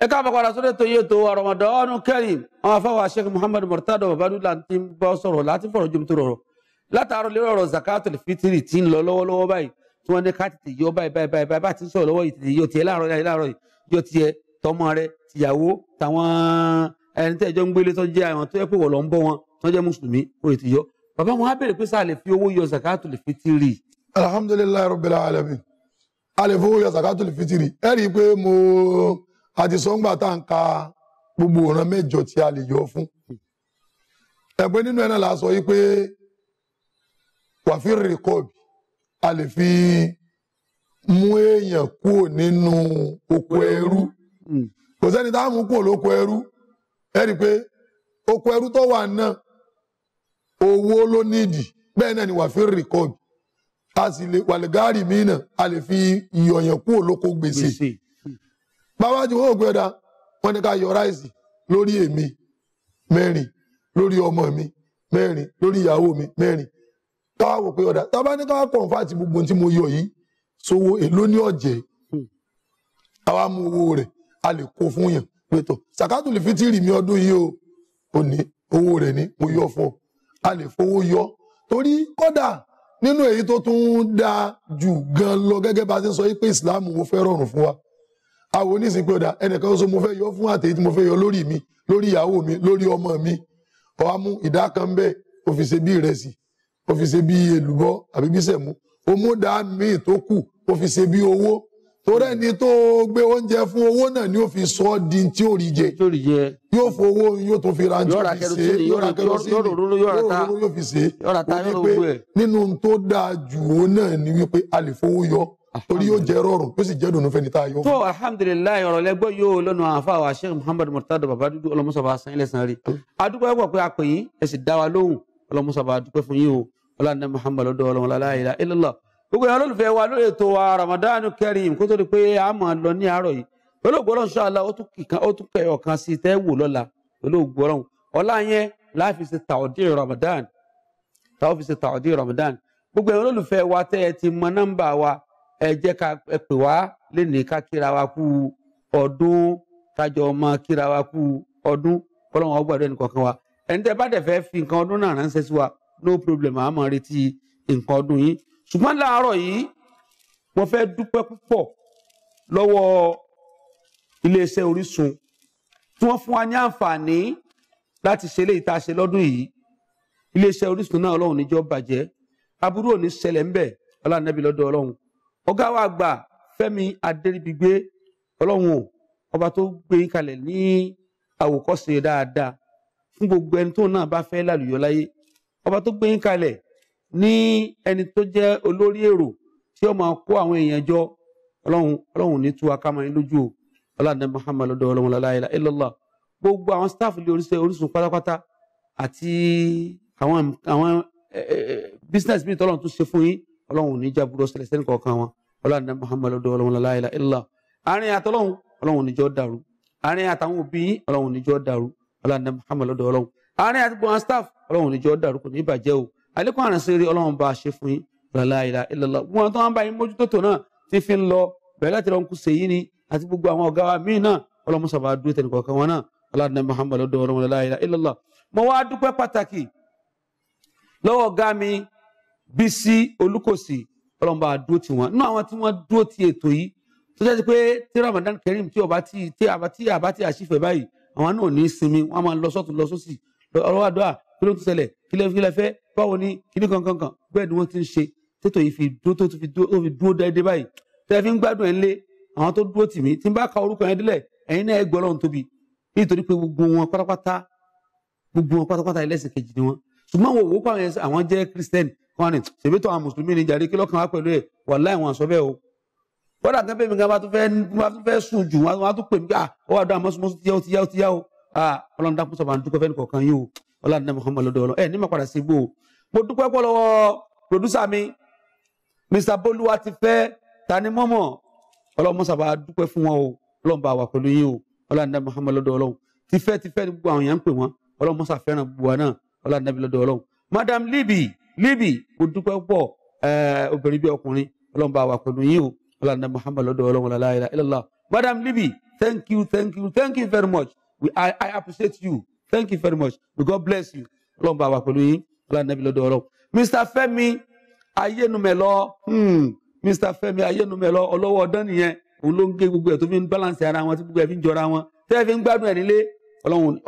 ẹ káàmọ́ padà sórí ètò yìí tó Ramadan Kareem àwọn afáwà Sheikh Muhammad Murtada Babalula ti ń bọ́ sọ̀rọ̀ láti fọ̀rọ̀ jù tó rọrọ̀ látàárọ̀ lórí ọ̀rọ̀ zakatul fitiri ti ń lọ lọ́wọ́lọ́wọ́ báyìí tí wọ́n ní ká tètè yọ báyìí báyìí báyìí bá ti ń sọ̀rọ̀ lọ́wọ́ yìí tètè yọ tiẹ̀ láàárọ̀ yìí láàárọ̀ yìí yọ tiẹ̀ tọmọ rẹ tìyàwó tàwọn ẹni tẹ́ ẹjọ́ àti sọ́ngbà tá à ń ka gbogbo ọ̀ràn mẹ́jọ tí a lè yọ fún. ẹ̀pẹ́ nínú ẹ̀ náà la sọ yìí pé wàfíì rìkọ́ọ̀bì a lè fi mú èèyàn kúrò nínú oko ẹrú kò sẹ́ni tá a mú kúrò lóko ẹrú ẹ rí i pé oko ẹrú tó wà náà owó ló nídìí bẹ́ẹ̀ náà ni wàfíì rìkọ́ọ̀bì a sì lè wàlẹ̀ gáàrì mí náà a lè fi ìyọ̀yàn kúrò lóko gbèsè bàbá ju owó gbẹdà wọn ní ká yọ ráìsì lórí èmi mẹ́rin lórí ọmọ mi mẹ́rin lórí ìyàwó mi mẹ́rin káwá wò pé ọ̀dà tábà ní káwá kọ̀ǹfà àti gbogbo tí mo yọ yìí sowó èló ní ọ̀jẹ̀ àwa mú owó rẹ̀ a lè kó fún yàn pé tọ̀ sàkátù lè fi tí rì mí ọdún yìí o ò ní owó rẹ̀ ni mo yọ fún ọ a lè fowó yọ torí kọ́dà nínú èyí tó tún dáa jù gan lọ gẹ́gẹ́ bá a ti sọ yìí pé ìsìláàmù wo fẹ́ rọrùn fún wa àwọn onísìn pé ọ̀dà ẹnìkan ṣoṣo mo fẹ́ yọ fún àtẹ̀yí tí mo fẹ́ yọ lórí mi lórí ìyàwó mi lórí ọmọ mi ọ̀wá mú ìdá kan ń bẹ́ẹ̀ ó fi ṣe bí ìrẹsì ó fi ṣe bí èlùbọ́ àbí bí sẹ̀mú ó mú dá míì tó kù ó fi ṣe bí owó torí ẹni tó gbé oúnjẹ fún owó náà ni ó fi sọ ọ́ di tí ó rí jẹ yóò fọ owó yóò tó fi ra ní tó fi ṣe yóò ra kẹrọsínì yóò ròró yóò fi ṣe ó ní pé nínú tó dáa jù ó náà ni wípé a lè fowó yọ torí yóò jẹ́ rọrùn yóò sì jẹ́ dùnú fẹ́ni tá a yọ. tó alhamdulilayi ọ̀rọ̀ lẹ́gbọ́ yóò lọ́nà àfa wa sheikh muhammad murtado babadudu ọlọ́mọsọba sanyí lẹ́sàn-án rí. adúgbò ẹ̀kọ́ pé apè yín ẹ sì dá wa lóhùn ọlọ́mọsọba dúpẹ́ fún yín o ọlọ́dẹ muhammad ọdọ ọlọ́mọlá láyìlá illallah. gbogbo ìyá olólùfẹ́ wa lórí ètò wa ramadan kareem kó tó di pé a máa lọ ní àárọ̀ yìí olóògbé ọlọ́run ṣáàlà ó tún kẹ ọ̀kan sí tẹ́ wò ramadan táwọn fi ṣe ramadan gbogbo ìyá olólùfẹ́ wa tẹ́ ẹ ti mọ nọ́mbà wa ẹ jẹ́ ká ẹ pè wá lénìí ká kíra wa kú ọdún kájọ ọmọ kíra wa kú ọdún kọ́lọ́wọ́n ọgbà ọdún ẹnìkọ̀ọ̀kan wa ẹni tẹ́ bá dẹ̀ fẹ́ fi nǹkan ọdún náà ránṣẹ́ sí wa no problem àá máa retí nǹkan ọdún yìí ṣùgbọ́n láàárọ̀ yìí mo fẹ́ dúpẹ́ púpọ̀ lọ́wọ́ iléeṣẹ́ Orísun tí wọ́n fún wa ní àǹfààní láti ṣe eléyìí tá a ṣe lọ́dún yìí iléeṣẹ́ Orísun náà Ọlọ́run níjọ́ bàjẹ́ aburú ò ṣẹlẹ̀ ńbẹ̀ ọlá nàbí lọ́dọ̀ Ọlọ́run ọ̀gá wa àgbà Fẹ́mi Adéríbigbé Ọlọ́run o ọba tó gbé yín kalẹ̀ ní àwòkọ́ṣe dáadáa fún gbogbo ẹni tó náà bá fẹ́ lálùyọ láyé ọba tó gbé yín kalẹ̀ ní ẹni tó jẹ́ olórí èrò tí ó máa kó àwọn èèyàn jọ Ọlọ́run Ọlọ́run ní tú akámọ yín lójú o ọlànà Muhammad lọ́dọ̀ Ọlọ́run la ilaha illallah gbogbo àwọn staff lé Orísun pátápátá àti àwọn eh, eh, eh, business mi tọ́lọ́run tún ṣe fún yín ọlọ́run ò ní já burú ọsẹlẹ sẹ́ni kọ̀ọ̀kan wọn ọlọ́run ní muhammadu ọdún ọlọ́run láìla ilà àárín àtọ́lọ́run ọlọ́run ò ní jọ́ dàrú àárín àtàwọn òbí ọlọ́run ò ní jọ́ dàrú ọlọ́run ní muhammadu ọdún ọlọ́run àárín àti gbọ̀n staff ọlọ́run ò ní jọ́ dàrú kò ní bàjẹ́ o àlékún àrànṣeré ọlọ́run bá a ṣe fún yín láìla ilà wọn tó wọn bá yín mójútó tó náà ti fi ń lọ bẹ̀rẹ̀ láti rọ̀nkú sèyí ni àti gbogbo àwọn ọ̀gá wa míì náà ọlọ́run sábà dúró wá dúpẹ́ pàtàkì lọ́wọ́ ọ̀gá Bísí Olúkòsì ọlọ́mọba dúró tì wọ́n nínú àwọn tí wọ́n dúró ti ètò yìí tó jẹ́ pé tí Ramadan Kareem tí ọba tí tí àbá tí àbá tí àṣìfẹ́ báyìí àwọn náà ní í sinmi wọ́n máa lọ sọ́tún lọ sósì ọlọ́wọ́ àdúrà kí ló ń ṣẹlẹ̀ kí lẹ́ fi lẹ́ fẹ́ báwo ni kíní kankan kan bẹ́ẹ̀ ni wọ́n ti ń ṣe tètò yìí fi dúró tó fi dúró déédéé báyìí tẹ́ fi ń gbádùn ẹ̀ lé àwọn tó dúró tì mí tí n bá ka orúkọ yẹn délẹ̀ ẹ̀yin náà ẹ gbọ́ lọ́run tóbi nítorí pé gbogbo wọn pátápátá gbogbo wọn pátápátá ẹlẹ́sìn kejì ni wọn ṣùgbọ́n àwọn òwò pàwọn àwọn jẹ́ Christian kọrin ṣèbí tó àwọn mùsùlùmí ni jàre kí lọ́kàn wá pẹ̀lú ẹ̀ wàláhì wọn sọ bẹ́ẹ̀ o kódà kan pèmí kan bá tún fẹ́ bá tún fẹ́ sùn jù wọn á tún pèmí pé à ó wà dùn àmọ́ sùn mọ́sùn tíyá ó tíyá ó tíyá ó à ọlọ́run dákun sọ̀bà ń dúpẹ́ fẹ́ni kọ̀ọ̀kan yìí o ọlọ́run dá Muhammad lọ́dọ̀ ọlọ́ ẹ̀ ní màpadà sí igbó o mo dúpẹ́ pọ̀ lọ́wọ́ pòdúsà mi Mr Bolúwa ti fẹ́ tani mọ́mọ́ ọlọ́run sábà dúpẹ́ fún wọn o ọlọ́run bá wà pẹ̀lú yìí o ọlọ́run dá Muhammad lọ́dọ̀ ọlọ́run ti fẹ́ ti fẹ́ ni gbogbo àwọn èèyàn ń pè wọ́n ọlọ́run mọ́sà fẹ́ràn gbogbo wa náà ọlọ́run dábì lọ́dọ̀ ọlọ́run Madam Libi níbi mo dúpẹ́ pọ̀ obìnrin bí ọkùnrin ọlọ́run bá wà pẹ̀lú yín o ọlọ́run náà muhammed lọ́dọ̀ ọlọ́run la ilaha madam níbi thank you thank you thank you very much we i i appreciate you thank you very much may god bless you ọlọ́run bá wà pẹ̀lú yín ọlọ́run náà bí lọ́dọ̀ ọlọ́run mr fẹ́mi ayénumẹ̀lọ hmm, mr Femi, ayenumelo. ọlọ́wọ́ ọdán nìyẹn òun ló ń gé gbogbo ẹ̀ tó fi ń balance ara wọn tí gbogbo ẹ̀ fi ń jọra wọn tẹ́ẹ̀ fi ń gbádùn ẹ̀ nílé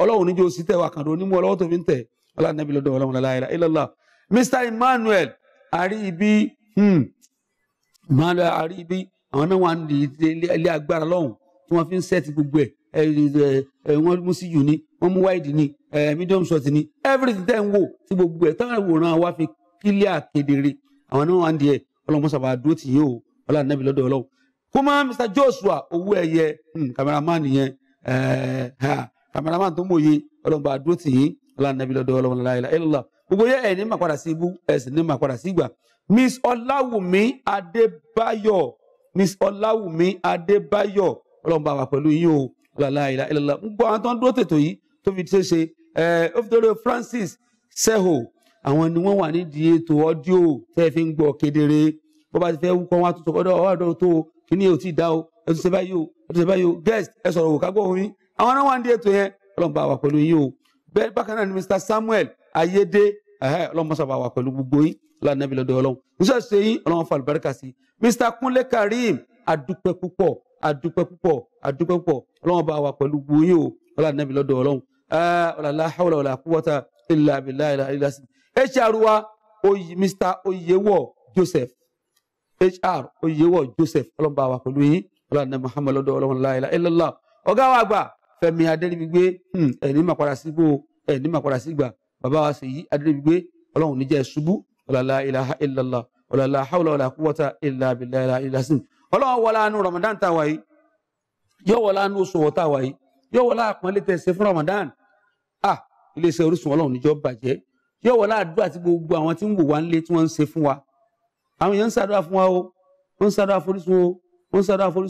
ọlọ́run níjó sí tẹ̀ wà kàn ló nímú ọlọ́wọ́ tó fi ń tẹ̀ ọlọ́run náà bí lọ́dọ̀ ọlọ́run la ilaha illallah Mr Emmanuel àríbí hmm. Emmanuel àríbí àwọn náà wà ní ilé agbára lọ́hùn tí wọ́n fi ń sẹ́ẹ̀tì gbogbo ẹ̀ wọ́n mú sí yùní wọ́n mú wáìdì ní medium short ní everything tẹ́ ń wò tí gbogbo ẹ̀ táwọn ìwòran wa fi kílíà kedere àwọn náà wà ní ẹ̀ ọlọ́mọ sábà dúró tì yín o ọlá nàbí lọ́dọ̀ ọlọ́run kó má Mr Joshua owó ẹ̀yẹ hmm, cameraman yẹn cameraman tó mòye ọlọ́mọ bá dúró tì yín ọlá nàbí lọ́dọ̀ ọlọ́run láìláìlá gbogbo yẹ ẹni máa padà sí ibú ẹsìn ní máa padà sí ìgbà miss ọláwùmí adébáyọ̀ miss ọláwùmí adébáyọ̀ ọlọ́run bá wa pẹ̀lú yín o làlàyé ìlàlá gbogbo àwọn tó ń dúró tètò yìí tó fi ṣe ṣe ẹ ó fi dórí francis seho àwọn ni wọ́n wà nídìí ètò ọdíò tẹ́ fi ń gbọ́ kedere bó bá ti fẹ́ wúkọ wọn àtúntò ọdọ ọwọ àdó tó kíní ò tí ì dá o ẹ báyìí o ẹ báyìí o guest ẹ sọ̀rọ̀ wò kágbó òun yín àwọn náà wà nídìí ètò yẹn ọlọ́run bá wa pẹ̀lú yín o bẹ́ẹ̀ bákan náà ni mr samuel ayédè ẹ̀hẹ́ ọlọ́mọsá bá wà pẹ̀lú gbogbo yín lánàbí lọ́dọ̀ ọlọ́run iṣẹ́ ṣe yín ọlọ́run fa àlùbáríkà sí Mr Kunle Karim adúpẹ́ púpọ̀ adúpẹ́ púpọ̀ adúpẹ́ púpọ̀ ọlọ́run bá wà pẹ̀lú gbogbo yín o lánàbí lọ́dọ̀ ọlọ́run ọ̀làlá hàwùlà ọ̀là kúwọ́tà ilà abilà ilà ilà sí. HR wa Mr Oyewo Joseph HR Oyewo Joseph ọlọ́run bá wà pẹ̀lú yín ọlọ́run Muhammad lọ́dọ̀ ọlọ́run láìlá ilàlá ọ̀gá wa àgbà Fẹ́mi Adéríbigbé hmm, ẹni mà padà sígbó ẹni mà padà sígbà bàbá wa sì yí adébígbé ọlọ́run níjẹ́ ṣubú ọ̀làlá ilaha illallah ọ̀làlá hawla wàlà kúwọ́ta illa billahi ilasin ọlọ́run wọlá nu ramadan tá a wáyé yóò wọlá nu oṣù wọ́tá wáyé yóò wọlá àpọ́nlé tẹ̀ ṣe fún ramadan ah iléeṣẹ́ orísun ọlọ́run níjọ́ bàjẹ́ yóò wọlá àdúrà tí gbogbo àwọn tí ń wò wá ń lé tí wọ́n ń ṣe fún wa àwọn èèyàn ń ṣàdúrà fún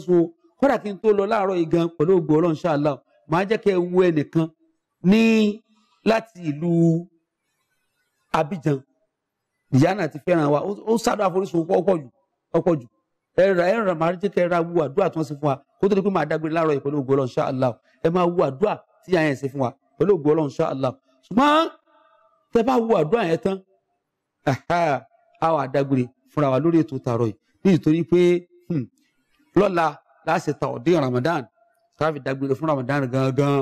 láti ìlú Abidjan ìyá náà ti fẹ́ràn wa ó sádùn àforísun pọ̀ jù ọ̀pọ̀ jù ẹ̀rọ ẹ̀rọ màá jẹ́ kẹ́ ẹ ra wo àdúrà tí wọ́n ṣe fún wa kó tó di pé màá dágbére láàárọ̀ yìí pẹ̀lú ògo Ọlọ́run ṣáàlá ẹ máa wo àdúrà tí yàrá yẹn ṣe fún wa pẹ̀lú ògo Ọlọ́run ṣáàlá ṣùgbọ́n tẹ bá wo àdúrà yẹn tán a wà dágbére fúnra wa lórí ètò tààrọ̀ yìí nítorí pé hmm, lọ́la láṣẹ ta ọ̀dẹ́ Ramadan tá a fi dágbére fún Ramadan gangan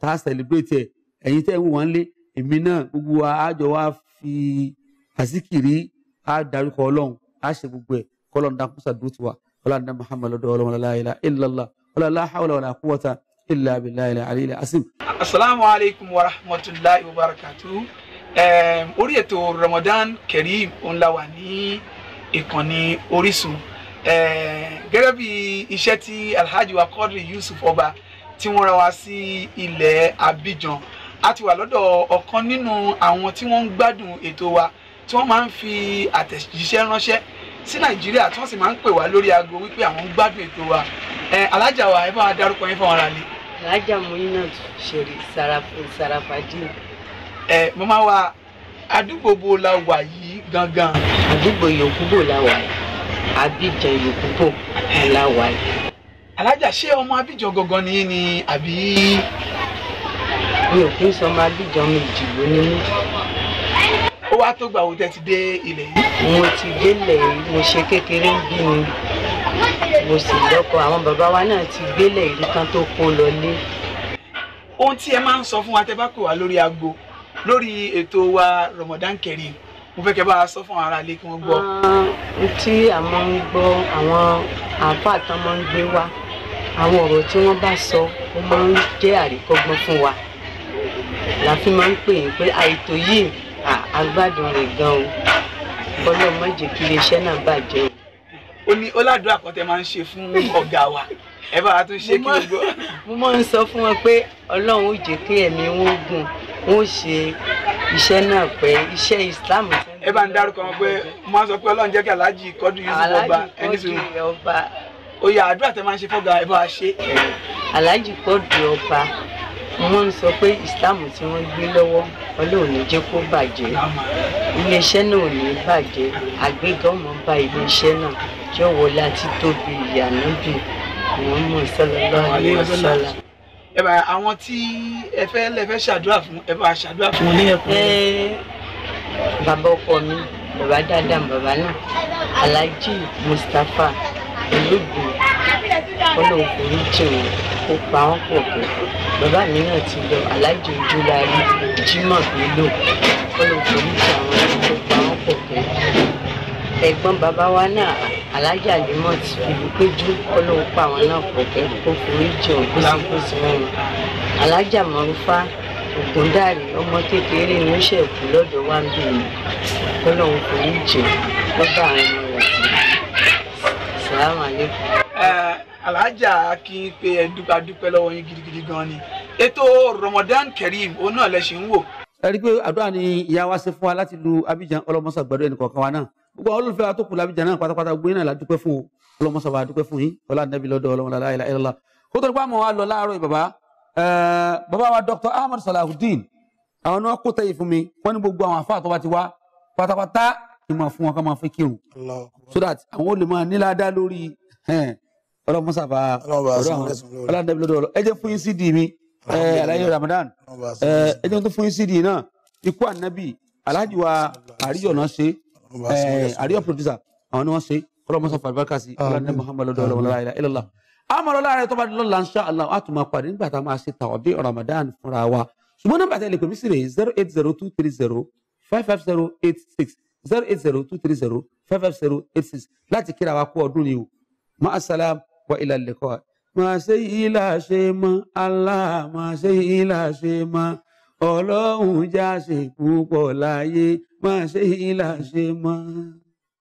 tá a celebrate ẹ̀yin tẹ́ ń wọ́n lé èmi náà gbogbo wa á jọ wá fi àsìkìrí á darúkọ ọlọ́run á ṣe gbogbo ẹ̀ kọ́lọ́n dá kúsà tiwa ọlọ́run dá muhammadu lọ́dọ̀ ọlọ́run la ilaha illallah ọlọ́run la hawla wala quwwata illa asim. asalaamu alaykum wa rahmatulahi wa barakatu orí ètò Ramadan Kareem ńlá wà ní ìkànnì Orísun gẹ́gẹ́ bí iṣẹ́ tí Alhaji wa Quadri Yusuf ọba tí wọ́n rán wa sí ilẹ̀ Abidjan a ti wà lọ́dọ̀ ọ̀kan nínú àwọn tí wọ́n ń gbádùn ètò wa tí wọ́n máa ń fi àtẹ̀jíṣẹ́ ránṣẹ́ sí nàìjíríà tí wọ́n sì máa ń pè wá lórí aago wípé àwọn ń gbádùn ètò wa alájà wa ẹ bá wa dárúkọ yín fáwọn aráàlú. alájà Muinat Ṣeré Sarafadeen. ẹ mo máa wa àdúgbò bo la wà yìí gangan. àdúgbò yòókùbò la wà yìí Abidjan yòókùbò la wà yìí. alájà ṣé ọmọ Abidjan gangan ni yín ni àbí mi ò kí ń sọ ọmọ abíjọ mi ìjì ló ní ó wá tó gbà wo tẹ́ ti dé ilẹ̀ yìí. mo ti délẹ̀ mo ṣe kékeré bí mi mo sì lọ́kọ àwọn bàbá wa náà ti gbélẹ̀ ìlú kan tó kó lọlé. ohun tí ẹ máa ń sọ fún wa tẹ́ bá pè wá lórí aago lórí ètò wa Ramadan Kareem mo fẹ́ kẹ́ bá a sọ fún ara ilé kí wọ́n gbọ́. tí àwọn ń gbọ́ àwọn àáfàá tán máa ń gbé wá àwọn ọ̀rọ̀ tí wọ́n bá sọ ó máa ń jẹ́ àríkọ́gbọ́n fún wa la fi máa ń pè yín pé àìtó yìí àgbàdo rẹ̀ gan o ọlọ́mọ jẹ́ kí iléeṣẹ́ náà bàjẹ́ o. ó ní ọládùn àkọ́tẹ́ máa ń ṣe fún ọ̀gá wa ẹ bá wa tún ṣe kí n gbọ́. mo máa ń sọ fún wọn pé ọlọ́run ó jẹ́ kí ẹ̀mí wọn gùn wọn ó ṣe iṣẹ́ náà pé iṣẹ́ Islam. ẹ bá ń dárúkọ wọn pé mo máa ń sọ pé ọlọ́run jẹ́ kí aláàjì kọ́dù Yusuf ọba ẹni sùn ó yá àdúrà tẹ máa ń ṣe fọ́gà ẹ bá wa ṣe. aláàjì kọ́dù ọba ni wọ́n ń sọ pé Islam tí wọ́n gbé lọ́wọ́ Ọlọ́run ní jẹ́ kó bàjẹ́ iléeṣẹ́ náà ò ní bàjẹ́ àgbéga ọmọ bá iléeṣẹ́ náà jọ̀wọ́ láti tóbi ìyànàbì Muhammad sallallahu alaihi wasallam. ẹ bá àwọn tí ẹ fẹ́ lẹ fẹ́ ṣàdúrà fún ẹ bá ṣàdúrà fún wọn ní ẹ̀kọ́. bàbá ọkọ mi bàbá dáadáa bàbá náà Alhaji Mustapha olóògùn ọlọ́run kò ní jẹ òun kó pa wọn pọ̀ pọ̀ bàbá mi náà ti lọ aláìjọ ojú la rí jimoh mi lò ọlọ́run kò ní jẹ àwọn ẹni tó pa wọn pọ̀ pọ̀ ẹ̀gbọ́n bàbá wa náà alájà limọ̀ ti fi péjú ọlọ́run pa àwọn náà pọ̀ pẹ́ kó forí jẹ ògùn sáńkóso wọn alájà mọ̀rúfá ògúndàrí ọmọ kékeré ni ṣẹ̀kú lọ́dọ̀ wá ń bì mí forí jẹ lọ́ba àwọn ọmọ rẹ̀ sàlámù alẹ́kùn alájà kí n pe ẹdúpẹ́ dúpẹ́ lọ́wọ́ yín gidigidi gan ni ètò Ramadan Kareem òun náà lẹ ṣì ń wò. ẹ rí i pé àdúrà ni ìyá wa ṣe fún wa láti lu Abidjan ọlọmọsà gbàdúrà ẹnì kọ̀ọ̀kan wa náà gbogbo àwọn olùfẹ́ wa tó kù l'Abidjan náà pátápátá gbé náà la fún o ọlọmọsà wa dúpẹ́ fún yín ọlá nẹ́bí lọ́dọ̀ ọlọmọlá láìla ẹ̀rọ̀lá kó tó nípa àmọ́ wa lọ láàárọ̀ bàbá bàbá Dr. Ahmad Salahuddin àwọn náà kó tẹ̀yìn fún mi wọ́n ní gbogbo àwọn àfáà tó bá ti wá pátápátá ni máa fún wọn ká máa fi kírun ọlọ́run musa bá ọlọ́run dẹ́bi lọ́dọ̀ ọlọ́run ẹ jẹ́ fún yín cd mi alayi ramadan ẹ jẹ́ fún yín cd náà ikú ànábì alhaji wa àríyọ̀ náà ṣe àríyọ̀ producer àwọn ni wọ́n ṣe ọlọ́run musa fàlùbáríkà sí ọlọ́run dẹ́bi muhammad lọ́dọ̀ ọlọ́run la ilaha illallah amọ̀rọ̀ lọ́la insha Allah a tún máa parí nígbà tá a máa ṣe tàwọn ramadan fúnra wa ṣùgbọ́n nọ́mbà tẹ̀lé pèmí sí rè zero eight zero two three zero five five zero eight six zero eight zero two three zero five five zero eight six láti kíra wa kú ọdún yìí o ma asalaam وإلى اللقاء ما سي إلى شيء ما الله ما سي إلى شيء ما ọlọ́run já ṣe ما láyé má ṣe ìlàṣe